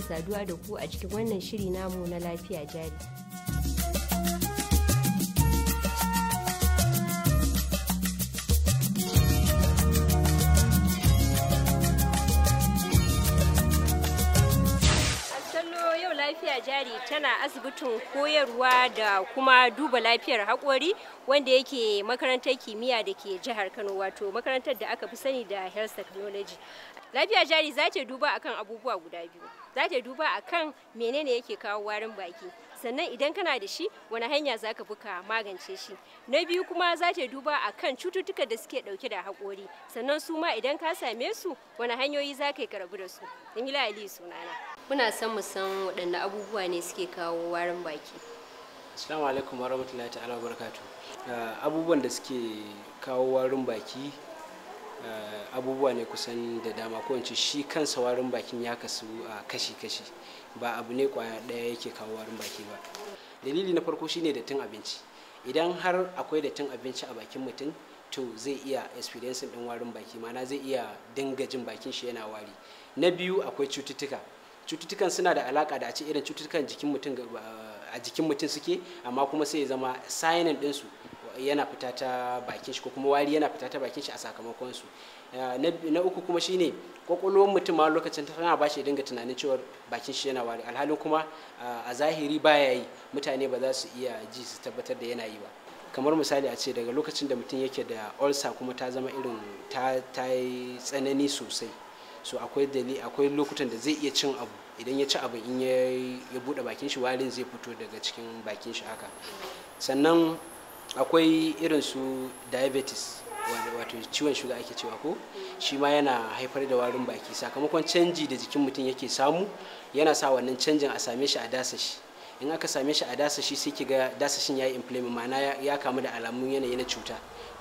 sake saduwa da ku a cikin wannan shiri namu na lafiya jari. lafiya jari tana asibitin koyarwa da kuma duba lafiyar haƙori wanda yake makarantar kimiyya da ke jihar kano wato makarantar da aka fi sani da health technology lafiya jari za ta duba akan abubuwa guda biyu za ta duba kan menene yake kawo warin baki sannan idan kana da shi wani hanya za ka buka magance shi na biyu kuma za ta duba a kan cututtuka da suke dauke da haƙori sannan su ma idan ka same su wani hanyoyi za ka yi karabu da su jamila ali sunana muna son mu san waɗanne abubuwa ne suke kawo warin baki assalamu alaikum warahmatullahi ta'ala barakatu ah, abubuwan da suke kawo warin baki Eh, abubuwa ne kusan da dama ko shi kansa warin bakin ya kasu a ah, kashi-kashi ba abu ne kwaya daya yake kawo warin baki ba dalili na farko shine tun abinci idan har akwai tun abinci a bakin mutum to zai iya experiencing din warin baki mana zai iya dinga jin bakin shi yana wari na biyu akwai cututtuka cututtukan suna da alaka da a ce irin cututtukan jikin mutum ah, a jikin mutum suke amma kuma sai ya zama sayanin ɗinsu yana fita ta bakin shi ko kuma wari yana fita ta bakin shi a sakamakon su eh, na uku kuma shine kwakwalwar mutum ma lokacin ta tana bashi dinga tunanin cewa bakin shi yana wari alhalin kuma eh, a zahiri baya yi mutane ba za su iya ji su tabbatar da yana yi ba kamar misali a ce daga lokacin da mutum yake da ulcer kuma ta zama irin ta yi tsanani sosai so akwai dali akwai lokutan da zai iya cin abu idan ya ci abu in ya bude bakin shi warin zai fito daga cikin bakin shi haka sannan akwai irin su diabetes wato ciwon shuga ake cewa ko shi ma yana haifar da warin baki sakamakon canji da jikin mutum yake samu yana sa wannan canjin a same shi a dasa shi in aka same shi a dasa shi sai ki ga dasashin ya yi implement ma'ana ya kamu da alamun yanayi na cuta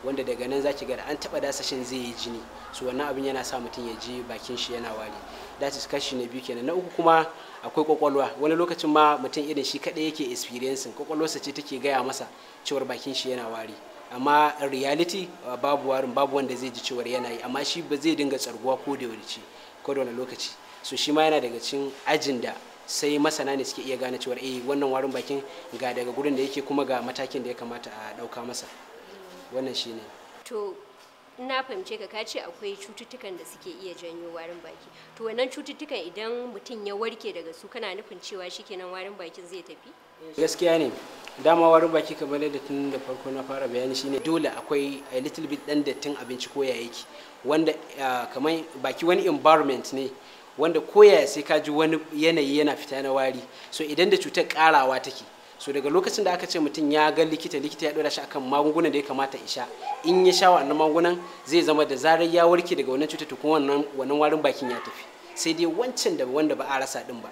wanda daga nan zaki ga da an taba dasashin zai yi jini so wannan abin yana sa mutum ya ji bakin shi yana wari that is kashi na biyu kenan na uku kuma akwai kwakwalwa wani lokacin ma mutum irin shi kadai yake experiencing kwakwalwarsa ce take gaya masa cewar bakin shi yana wari amma reality uh, babu warin babu wanda zai ji cewar yana yi amma shi ba zai dinga tsarguwa ko da wani ko da wani lokaci so shi ma yana daga cikin ajin da sai masana ne suke iya gane cewar eh wannan warin bakin ga daga gurin da yake kuma ga matakin da ya kamata a ɗauka masa wannan shine to na fahimce ka kace akwai cututtukan da suke iya janyo warin baki to wannan cututtukan idan mutum ya warke daga su kana nufin cewa shikenan warin bakin zai tafi gaskiya ne dama warin baki kamar da tun da farko na fara bayani shine dole akwai a little bit dan dattin abinci ko ya yake wanda ah, kamar baki wani environment ne wanda koyaya sai ka ji wani yanayi yana fita na wari so idan da cutar karawa take so daga lokacin da aka ce mutum ya ga likita likita ya dora shi akan magunguna da ya kamata ya sha in ya sha wannan magungunan zai zama da zarar ya warke daga wannan cutar to kuma wannan warin bakin ya tafi sai dai wancan da wanda ba a rasa din ba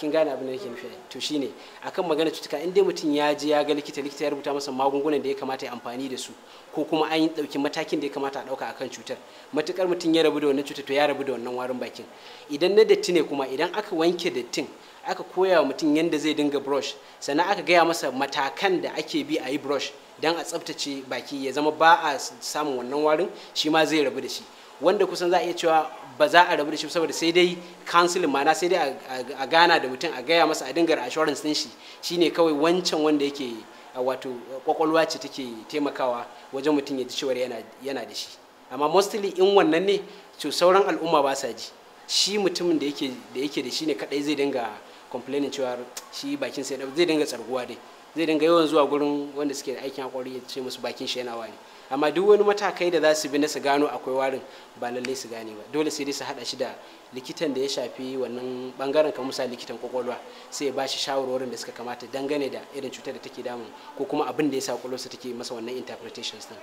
kin gane abin da yake nufi to shine akan magana cutuka in dai mutum ya je ya ga likita likita ya rubuta masa magungunan da ya kamata ya amfani da su ko kuma an yi dauki matakin da ya kamata a dauka akan cutar matukar mutum ya rabu da wannan cutar to ya rabu da wannan warin bakin idan na datti ne kuma idan aka wanke dattin aka koya wa mutum yadda zai dinga brush sannan aka gaya masa matakan da ake bi a yi brush don a tsaftace baki ya zama ba a samun wannan warin shi ma zai rabu da shi wanda kusan za a iya cewa ba za a rabu da shi saboda sai dai kansilin ma'ana sai dai a gana da mutum a gaya masa a dingar assurance din shi shine kawai wancan wanda yake wato kwakwalwa ce take taimakawa wajen mutum ya ji cewar yana da shi amma mostly in wannan ne to sauran al'umma ba sa ji shi mutumin da yake da yake da shi ne kadai zai dinga complaining cewa shi bakin sai zai dinga tsarguwa dai zai dinga yawan zuwa gurin wanda suke da aikin hakuri ya ce musu bakin shi yana waye. amma duk wani matakai da za su bi na su gano akwai warin ba lallai su gane ba dole sai dai su haɗa shi da likitan da ya shafi wannan bangaren kamar misali likitan kwakwalwa sai ya bashi shawarwarin da suka kamata dangane da irin cutar da take damun ko kuma abin da ya sa kwakwalwarsa take masa wannan interpretations din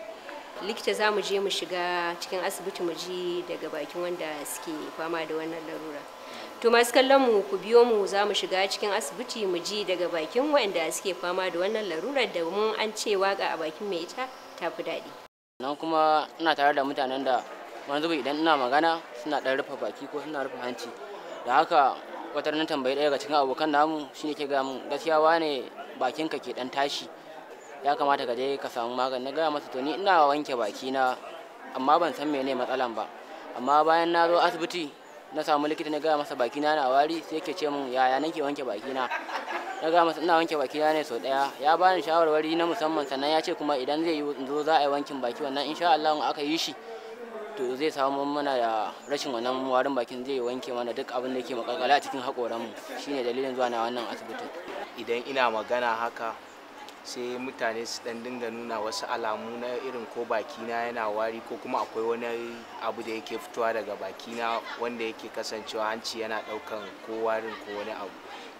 likita za mu je mu shiga cikin asibiti mu ji daga bakin wanda suke fama da wannan larura to masu kallon mu ku biyo mu za mu shiga cikin asibiti mu ji daga bakin wanda suke fama da wannan larurar da mun an ce waka a bakin mai ita ta daɗi nan kuma ina tare da mutanen da wani zubi idan ina magana suna ɗan rufe baki ko suna rufe hanci da haka wata na tambayi ɗaya daga cikin abokan namu shine ke ga mun gaskiya wane bakinka ke ɗan tashi ya kamata ka je ka samu magani na gaya masa to ni ina wanke baki na amma ban san mene matsalan ba amma bayan na zo asibiti na samu likita na gaya masa bakina na wari sai yake ce min yaya nake wanke bakina na gaya masa ina wanke bakina ne sau daya ya bani shawarwari na musamman sannan ya ce kuma idan zai yi zo za a yi wankin baki wannan insha Allah in aka yi shi to zai samu mana da rashin wannan warin bakin zai wanke mana duk abin da yake makakala a cikin hakoran mu shine dalilin zuwa na wannan asibitin idan ina magana haka sai mutane su dan dinga nuna wasu alamu na irin ko bakina yana wari ko kuma akwai wani abu da yake fitowa daga bakina wanda yake kasancewa hanci yana daukan ko warin ko wani abu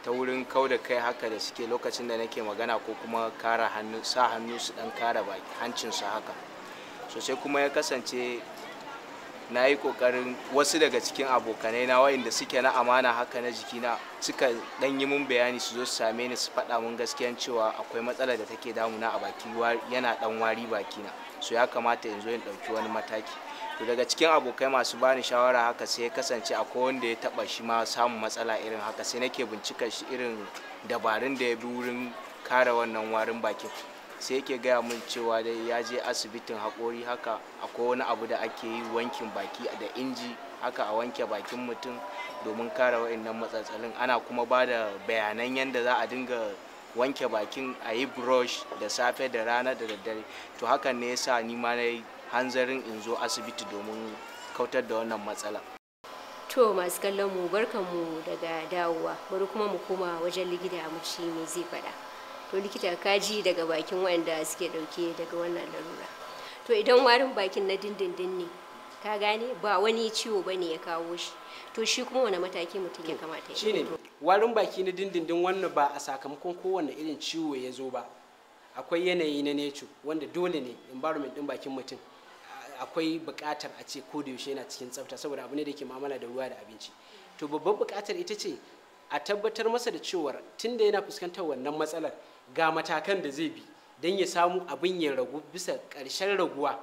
ta wurin kau da kai haka da suke lokacin da nake magana ko kuma kara hannu sa hannu su dan kara hancin su haka sosai kuma ya kasance na yi kokarin wasu daga cikin abokanai na wa'inda suke na amana haka na jikina suka dan yi mun bayani su zo su same ni su faɗa mun gaskiyan cewa akwai matsala da take damuna a baki yana dan wari bakina so ya kamata in zo in ɗauki wani mataki to daga cikin abokai masu bani shawara haka sai ya kasance akwai wanda ya taɓa shi ma samun matsala irin haka sai nake bincika shi irin dabarun da ya bi wurin kare wannan warin bakin sai yake gaya min cewa dai ya je asibitin hakori haka akwai wani abu da ake yi wankin baki da inji haka a wanke bakin mutum domin kare wa'annan matsatsalin ana kuma ba da bayanan yadda za a dinga wanke bakin a yi brush da safe da rana da daddare to hakan ne yasa ni ma na hanzarin in zo asibiti domin kautar da wannan matsala to masu kallon mu barkanmu daga dawowa bari kuma mu koma wajen likita mu ci me zai faɗa to likita ka ji daga bakin wanda suke dauke daga wannan larura to idan warin bakin na dindindin ne ka gane ba wani ciwo ba ya kawo shi to shi kuma wani mataki mutum ya kamata ya shine warin baki na dindindin wannan ba a sakamakon kowane irin ciwo ya zo ba akwai yanayi na neco wanda dole ne environment din bakin mutum akwai buƙatar a ce ko da yaushe yana cikin tsafta saboda abu ne da ke mamala da ruwa da abinci to babban buƙatar ita ce a tabbatar masa da cewar tunda yana fuskantar wannan matsalar ga matakan da zai bi don ya samu abin ya ragu bisa ƙarshen raguwa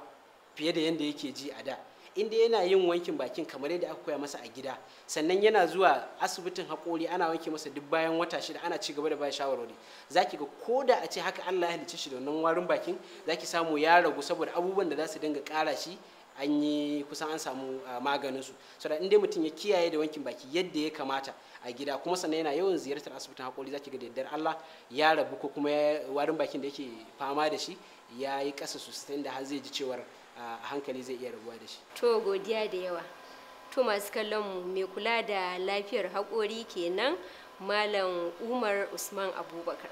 fiye da yadda yake ji a da inda yana yin wankin bakin kamar yadda aka koya masa a gida sannan yana zuwa asibitin haƙori ana wanke masa duk bayan wata shida ana ci gaba da bayan shawarwari zaki ga ko da a ce haka Allah ya halicci shi da wannan warin bakin zaki samu ya ragu saboda abubuwan da za su dinga ƙara shi an yi kusan an samu ah, maganin su so da inda mutum ya kiyaye da wankin baki yadda ya kamata a gida kuma sannan yana yawan ziyartar asibitin hakori zaki ga daddar Allah ya rabu ko kuma warin bakin da yake fama da shi ya yi ƙasa sosai da har zai ji cewar a ah, hankali zai iya rabuwa da shi to godiya da yawa to masu kallon mu mai kula da lafiyar hakori kenan malam umar usman abubakar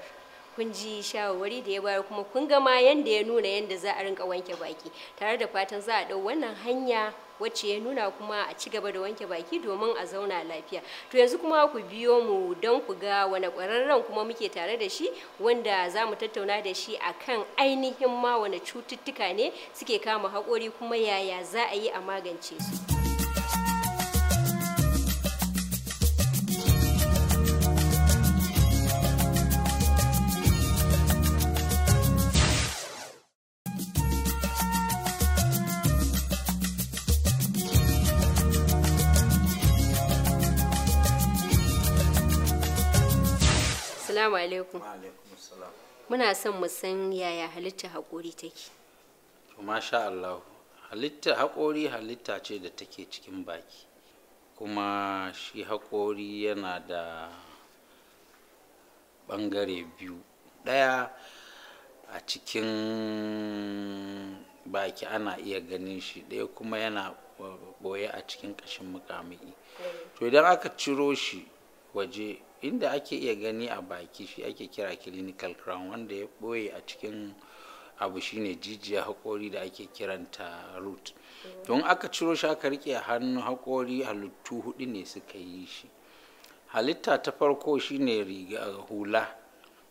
kun ji shawarwari da ya bayar kuma kun gama yadda ya nuna yadda za a rinka wanke baki tare da fatan za a ɗau wannan hanya wacce ya nuna kuma a ci gaba da wanke baki domin a zauna lafiya to yanzu kuma ku biyo mu don ku ga wani ƙwararren kuma muke tare da shi wanda za mu tattauna da shi akan ainihin ma wani cututtuka ne suke kama haƙori kuma yaya za a yi a magance su. Assalamu alaikum. Muna son mu san yaya halitta haƙori take. To masha Allah. Halitta haƙori halitta ce da take cikin baki. Kuma shi hakori yana da ɓangare biyu. Ɗaya a cikin baki ana iya ganin shi ɗaya kuma yana ɓoye a cikin ƙashin muƙamuƙi. Mm. To idan aka ciro shi waje inda ake iya gani a baki shi ake kira clinical crown wanda ya ɓoye a cikin abu shine jijiya haƙori da ake kiranta root don aka ciro shi aka rike hannu haƙori halittu hudu ne suka yi shi halitta ta farko shine riga hula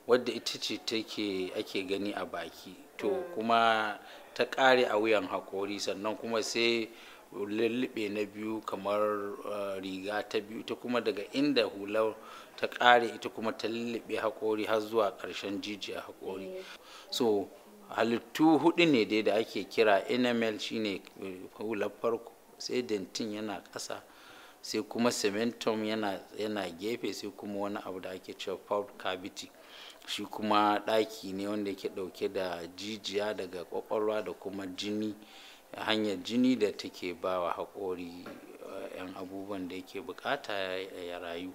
wadda ita ce take ake gani a baki to mm. kuma ta ƙare a wuyan haƙori sannan kuma sai lullube na biyu kamar eh, riga ta biyu ta kuma daga inda hular ta ƙare ita kuma ta lullube haƙori har zuwa ƙarshen jijiya haƙori so halittu hudu ne dai da ake kira enamel shine eh, hular farko sai dentin yana ƙasa sai kuma cementum yana, yana gefe sai kuma wani abu da ake cewa proud cavity shi kuma ɗaki ne wanda yake ɗauke da jijiya daga ƙwaƙwalwa da kuma jini hanyar jini da take bawa haƙori eh, 'yan abubuwan da yake bukata ya rayu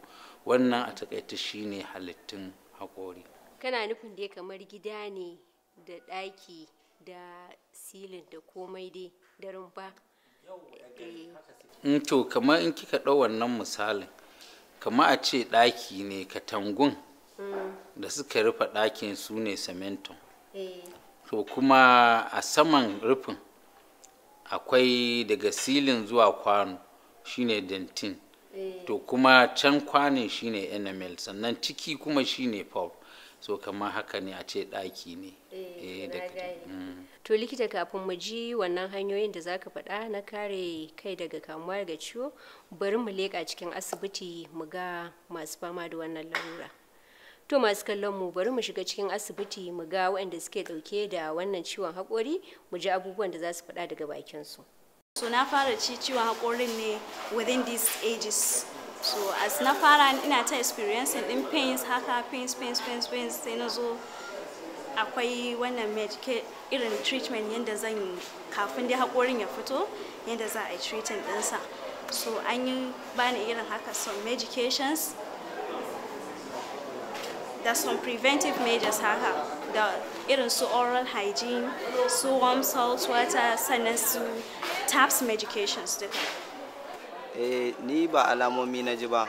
wannan a takaice shine halittun haƙori kana nufin dai kamar gida ne da ɗaki da silin da komai dai da rumfa in eh, to kamar in kika ɗau wannan misalin kama a ce ɗaki ne katangun mm. da suka rufe ɗakin su ne saminton eh. to kuma a saman rufin akwai daga silin zuwa kwano shine dentin to kuma can kwanin shine enamel sannan ciki kuma shine pulp so kamar haka ne a ce ɗaki ne eh, eh, mm. to likita kafin mu ji wannan hanyoyin da zaka faɗa na kare kai daga kamuwa daga ciwo bari mu leƙa cikin asibiti mu ga masu fama da wannan larura to masu kallon mu bari mu shiga cikin asibiti mu ga waɗanda suke ɗauke da wannan ciwon hakori, mu ji abubuwan da za su faɗa daga bakinsu so na fara ci ciwon haƙorin ne within these ages so as na fara ina ta experiencing din pains haka pains pains pains pains sai na zo akwai wannan medical irin treatment yadda zan yi kafin dai haƙorin ya fito yadda za a yi treating ɗinsa so an yi bani irin haka some medications da some preventive measures haka da irin su oral hygiene su warm salt water sannan su taps medications duka eh ni ba alamomi na ji ba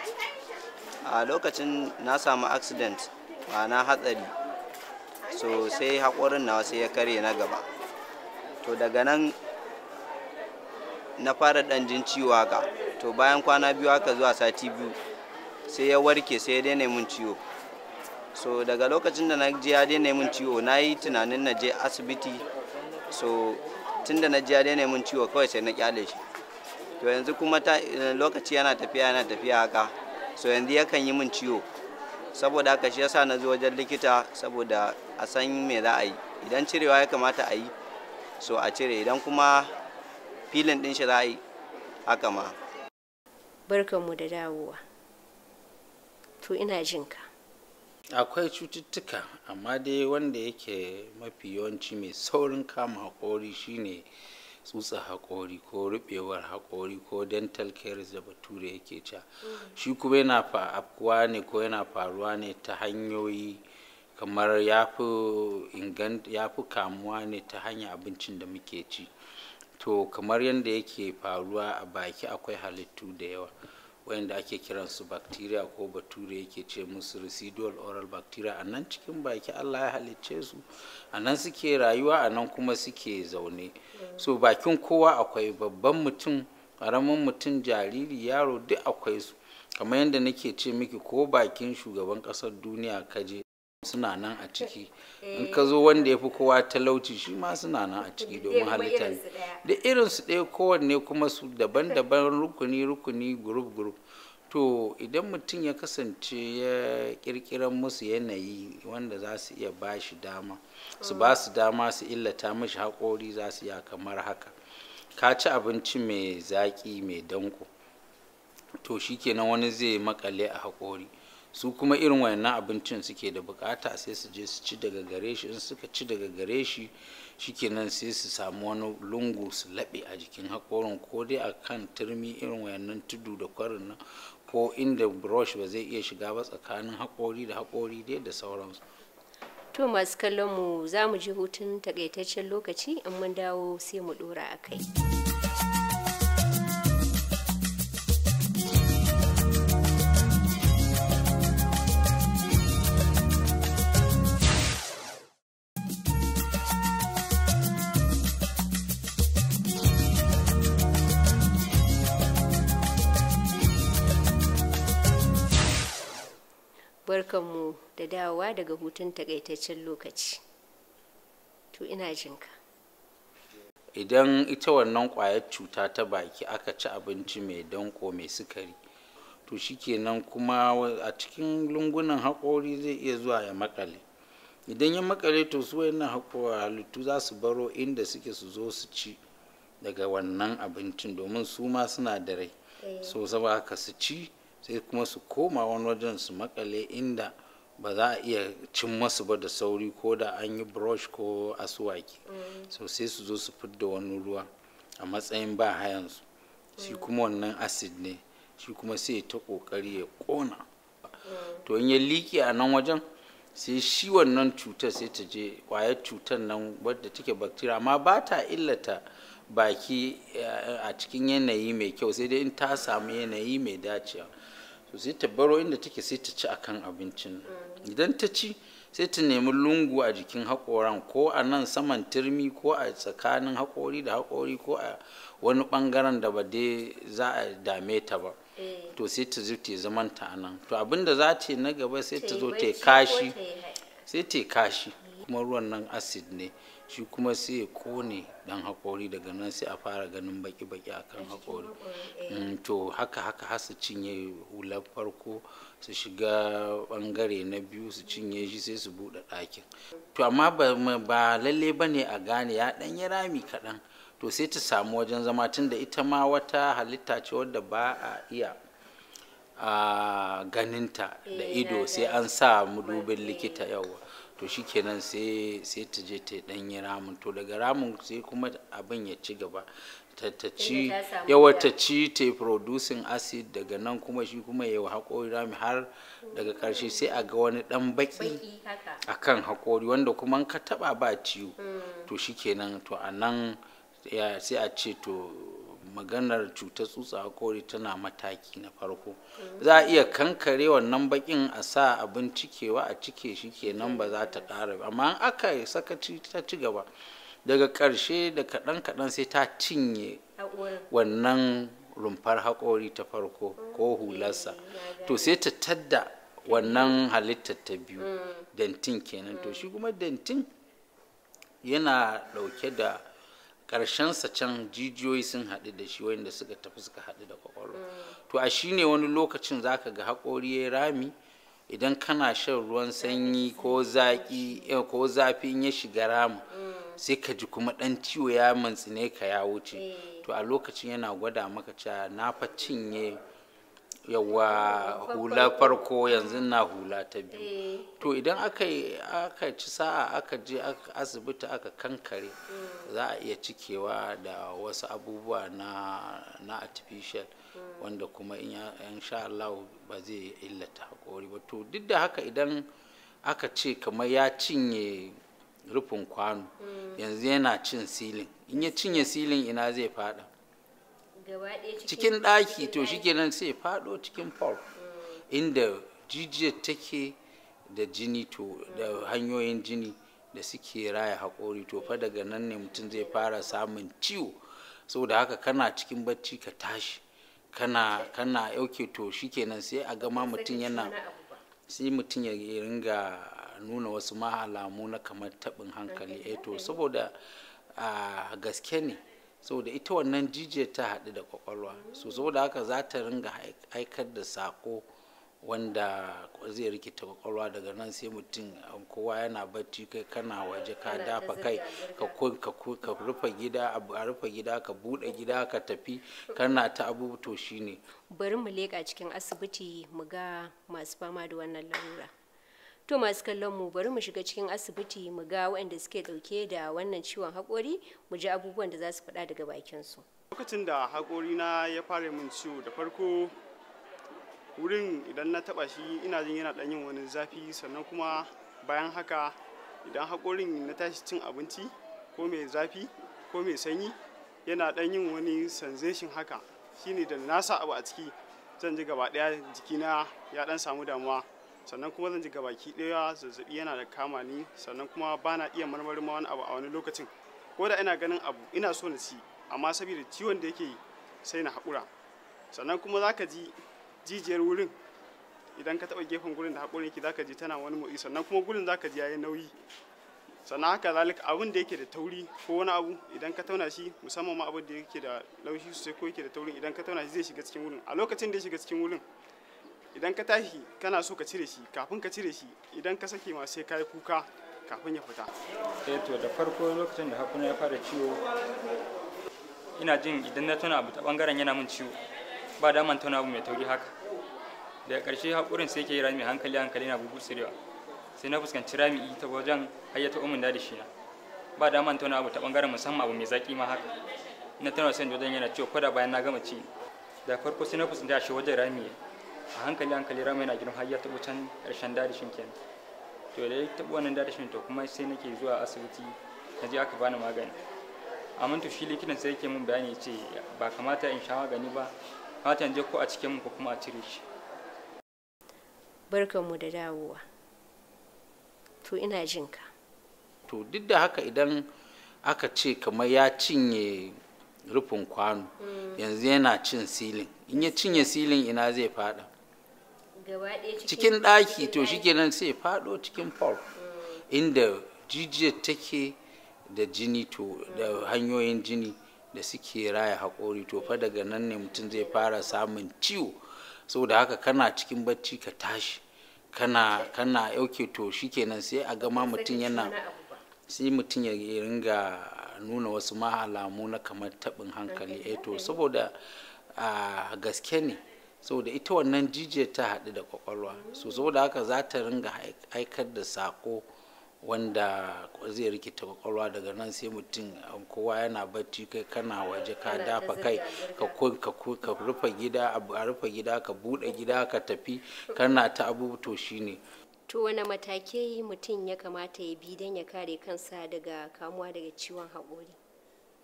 a lokacin na samu accident ba hatsari so sai haƙorin na sai ya karye na gaba to daga nan na fara ɗan jin ciwo haka to bayan kwana biyu haka zuwa sati biyu sai ya warke sai ya daina mun ciwo so daga lokacin da na je ya daina mun ciwo na yi tunanin na je asibiti so tun da na ji ya daina mun ciwo kawai sai na kyale shi to yanzu kuma eh, lokaci yana tafiya yana tafiya haka so yanzu yakan yi min ciwo saboda haka shi yasa na zo wajen likita saboda a san me za a yi idan cirewa ya kamata a yi so a cire idan kuma filin din shi za a yi haka ma barkanmu da dawowa to ina jinka akwai cututtuka amma dai wanda yake mafi yawanci mai saurin kama kori shine tsutsa haƙori ko rubewar haƙori ko dental caries da bature yake ca mm. shi kuma yana faruwa ne ko yana faruwa ne ta hanyoyi kamar ya fi kamuwa ne ta hanyar abincin da muke ci to kamar yadda yake faruwa a baki akwai halittu da yawa wanda ake kiransu bacteria ko bature yake ce musu residual oral bacteria a nan cikin baki allah ya halicce su a nan suke rayuwa a nan kuma suke zaune so bakin kowa akwai babban mutum ƙaramin mutum jariri yaro duk akwai su kamar yadda nake ce miki ko bakin shugaban ƙasar duniya kaje suna nan a ciki eh. in ka zo wanda ya fi kowa talauci shi ma suna nan a ciki domin halitta ne da irinsu ɗaya kowanne kuma su daban-daban rukuni-rukuni gurup-gurup to idan mutum ya kasance ya kirkiran musu yanayi wanda za su iya ba shi dama su ba su dama su illata mashi haƙori za su iya kamar haka ka ci abinci mai zaƙi mai danko to shikenan wani zai makale a haƙori su kuma irin wayannan abincin suke da bukata sai su je su ci daga gare shi in suka ci daga gare shi shikenan sai su samu wani lungu su laɓe a jikin hakorin ko dai a kan turmi irin wayannan tudu da kwarin nan ko inda brush ba zai iya shiga ba tsakanin hakori da hakori dai da sauransu to masu kallon mu za mu ji hutun takaitaccen lokaci in mun dawo sai mu dora a kai. barkanmu da dawowa daga hutun takaitaccen lokaci to ina jinka idan ita wannan kwayar cuta ta baki aka ci abinci mai danko mai sukari to shikenan kuma a cikin lungunan haƙori zai iya zuwa ya makale idan ya makale to su wayannan haƙora halittu za su baro inda suke su zo su ci daga wannan abincin domin su ma suna da rai eh. so saboda haka su ci sai kuma su koma wani wajen su makale inda ba za a iya cin masu ba da sauri ko da an yi brush ko asuwaki mm. so sai su zo su fidda wani ruwa a matsayin ba hayansu shi mm. kuma wannan acid ne shi kuma sai ta kokari ya kona mm. to in ya liƙe a nan wajen sai shi wannan cutar sai ta je kwayar cutar nan wadda take bacteria amma ba ta illata baki eh, a cikin yanayi mai kyau sai dai in ta samu yanayi mai dacewa to sai ta baro inda take sai ta ci akan abincin idan ta ci sai ta nemi lungu a jikin hakoran ko a nan saman turmi ko a tsakanin haƙori da haƙori ko a wani ɓangaren da ba dai za a dame ta ba eh. to sai ta zo ta zamanta ta nan to abinda za ta yi na gaba sai ta zo ta kashi sai ta kashi kuma ruwan nan acid ne shi kuma sai ya kone dan hakori daga nan sai a fara ganin baki-baki a kan hakori eh. mm, to haka haka har su cinye hular farko su shiga bangare na biyu su cinye shi sai su buɗe ɗakin to amma ba lalle ba ne a gane ya ɗan yi rami kaɗan to sai ta samu wajen zama tun da ita ma wata halitta ce wadda ba a iya a ah, ganinta da eh, ido sai an sa mu eh. likita yawa to shikenan sai sai ta je ta danyi ramin to daga ramin sai kuma abin ya ci gaba tattaci yawa ta ci ta producing acid daga nan kuma shi kuma ya haƙori rami har daga ƙarshe sai a ga wani ɗan baƙi a kan haƙori wanda kuma ka taɓa ba ciwo mm. to shikenan to a nan sai a ce to maganar cutar tsutsa kori tana mataki na farko za a iya kankare wannan bakin a sa abin cikewa a cike shi kenan ba za ta ƙara amma aka yi sakaci ta ci gaba daga ƙarshe da kaɗan-kaɗan sai ta cinye wannan rumfar haƙori ta farko ko hularsa to sai ta tadda wannan halittar ta biyu mm. dantin kenan to shi mm. kuma dantin yana ɗauke da sa can jijiyoyi sun haɗu da shi wanda suka tafi suka haɗu da kwakwalwa mm. to a shi ne wani lokacin zaka ga haƙori ya rami idan kana shan ruwan sanyi ko zaƙi eh, ko zafi in ya shiga rama mm. sai ka ji kuma ɗan ciwo ya mantsine ka ya wuce mm. to a lokacin yana gwada maka cewa na fa cinye yawa hula farko yanzu na hula ta biyu eh. to idan aka ci sa'a aka je asibiti aka kankare mm. za a iya cikewa da wasu abubuwa na na artificial mm. wanda kuma in sha Allah ba zai illata haƙori ba to duk da haka idan aka ce kamar ya cinye rufin kwano mm. yanzu yana cin silin in ya cinye silin ina zai fada cikin ɗaki to shikenan sai faɗo cikin pulp mm. inda jijiyar take da jini to da mm. hanyoyin jini da suke raya haƙori to fa daga nan ne mutum zai fara samun ciwo saboda haka kana cikin bacci ka tashi kana yauke to shikenan sai a gama mutum yana sai mutum ya ringa nuna wasu mahalamu na kamar taɓin hankali eto eh to saboda ah, gaske ne saboda ita wannan jijiyar ta haɗu da kwakwalwa so da haka za ta ringa aikar da sako wanda zai rikita kwakwalwa daga nan sai mutum kowa yana bacci kai kana waje ka dafa kai ka rufe gida a rufe gida ka bude gida ka tafi kana ta abubuwa shine bari mu leƙa cikin asibiti mu ga masu fama da wannan larura to masu kallon mu bari mu shiga cikin asibiti mu ga waɗanda suke ɗauke da wannan ciwon hakori mu ji abubuwan da za su faɗa daga bakin su lokacin da haƙori na ya fara min ciwo da farko wurin idan na taɓa shi ina jin yana ɗan yin wani zafi sannan kuma bayan haka idan haƙorin na tashi cin abinci ko mai zafi ko mai sanyi yana ɗan yin wani sensation haka shine da na sa abu a ciki zan ji gaba ɗaya jikina ya ɗan samu damuwa sannan kuma zan ji gabaki ɗaya zazzabi yana da kama ni sannan kuma ba na iya marmarin ma wani abu a wani lokacin ko da ina ganin abu ina so na ci amma saboda ciwon da yake yi sai na haƙura sannan kuma za ka ji jijiyar wurin idan ka taɓa gefen gurin da haƙurin ki za ka ji tana wani motsi sannan kuma gurin za ka ji yayi nauyi sannan haka zalika abin da yake da tauri ko wani abu idan ka tauna shi musamman ma abin da yake da laushi sosai ko yake da taurin idan ka tauna shi zai shiga cikin wurin a lokacin da ya shiga cikin wurin idan ka tashi kana so ka cire shi kafin ka cire shi idan ka sake ma sai ka yi kuka kafin ya fita E, to da farko lokacin da hakuna ya fara ciwo ina jin idan na tona abu ta bangaren yana min ciwo ba da man tona abu mai tauri haka daga karshe hakurin sai ke yi rami hankali hankali na bugu sirewa sai na fuskanci rami ta wajen hayyata umin da shi na ba da man tona abu ta bangaren musamman abu mai zaki ma haka na tuna sai wajen yana ciwo ko da bayan na gama ci da farko sai na fuskanci a shi wajen rami a hankali hankali rama yana girma har ya taɓo can ƙarshen dadashin kenan to da ya taɓo wannan dadashin to kuma sai nake zuwa asibiti na je aka bani magani amma to shi likitan sai yake min bayani ce ba kamata in sha magani ba kamata in je ko a cikin ko kuma a cire shi barkanmu da dawowa to ina jin ka to duk da haka idan aka ce kamar ya cinye rufin kwano mm. yanzu yana cin silin in ya cinye silin ina zai fada cikin ɗaki to shikenan sai faɗo cikin pulp inda jijiyar take da jini to da hanyoyin jini da suke raya haƙori to fa daga nan ne mutum zai fara samun ciwo saboda haka kana cikin bacci ka tashi kana yauke to shikenan sai a gama mutum yana sai mutum ya ringa nuna wasu ma na kamar taɓin hankali eto eh saboda a ah, gaske ne saboda ita wannan jijiyar ta haɗu da kwakwalwa so da haka za ta ringa aikar da sako wanda zai rikita kwakwalwa daga nan sai mutum kowa yana bacci kai kana waje ka dafa kai ka rufe gida a rufe gida ka buɗe gida ka tafi kana ta abubuwa ne. to wani matakai mutum ya kamata ya bi don ya kare kansa daga kamuwa daga ciwon haƙori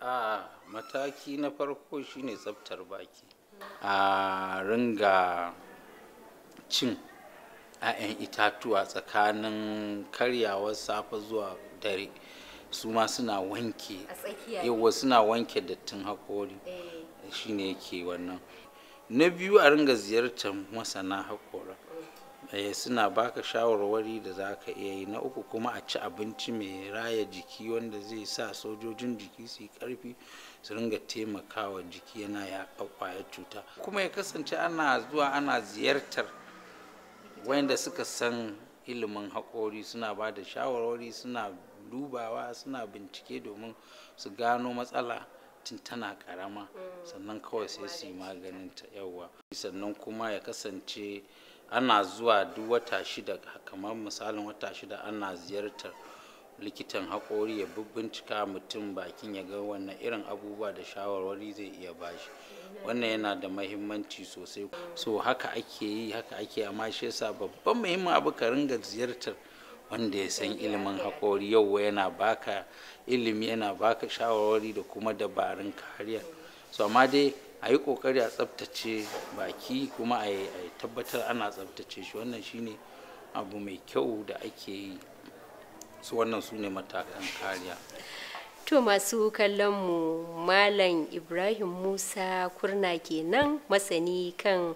a ah, mataki na farko shine tsaftar baki a ringa cin 'ya'yan itatuwa tsakanin karyawar safe zuwa dare su ma suna wanke yawa suna wanke dattin haƙori eh. ne yake wannan na biyu a ringa ziyartar masana haƙora eh, suna baka shawarwari da za ka iya yi na uku kuma a ci abinci mai raya jiki wanda zai sa sojojin jiki su yi ƙarfi su ringa taimakawa jiki yana yaƙa ƙwayar cuta kuma ya kasance ana zuwa ana ziyartar wanda suka san ilimin haƙori suna ba da shawarwari suna dubawa suna bincike domin su gano matsala tun tana karama mm. sannan kawai sai su yi maganin ta yawa sannan kuma ya kasance ana zuwa duk wata shida kamar misalin wata shida ana ziyartar likitan haƙori ya bincika mutum bakin ya ga wannan irin abubuwa da shawarwari zai iya bashi wannan yana da mahimmanci sosai so haka ake yi haka ake amma shi yasa babban muhimmin abu ka ringa ziyartar wanda ya san ilimin haƙori yau yana baka ilimi yana baka shawarwari da kuma dabarun kariya so amma dai a yi kokari a tsabtace baki kuma a tabbatar ana tsaftace shi wannan shine abu mai kyau da ake yi su wannan su ne matakan kariya to masu kallon mu malam ibrahim musa kurna kenan masani kan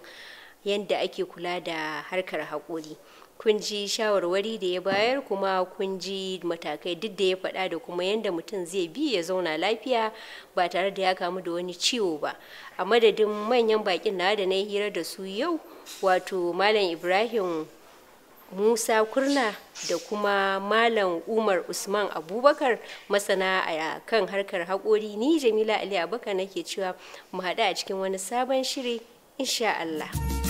yadda ake kula da harkar haƙuri kun ji shawarwari da ya bayar kuma kun ji matakai duk da ya faɗa da kuma yadda mutum zai bi ya zauna lafiya ba tare da ya kamu da wani ciwo ba a madadin manyan baƙin na da na hira da su yau wato malam ibrahim musa kurna da kuma malam umar usman abubakar masana a kan harkar haƙori ni jamila ali abubakar nake cewa mu haɗu a cikin wani sabon shiri insha allah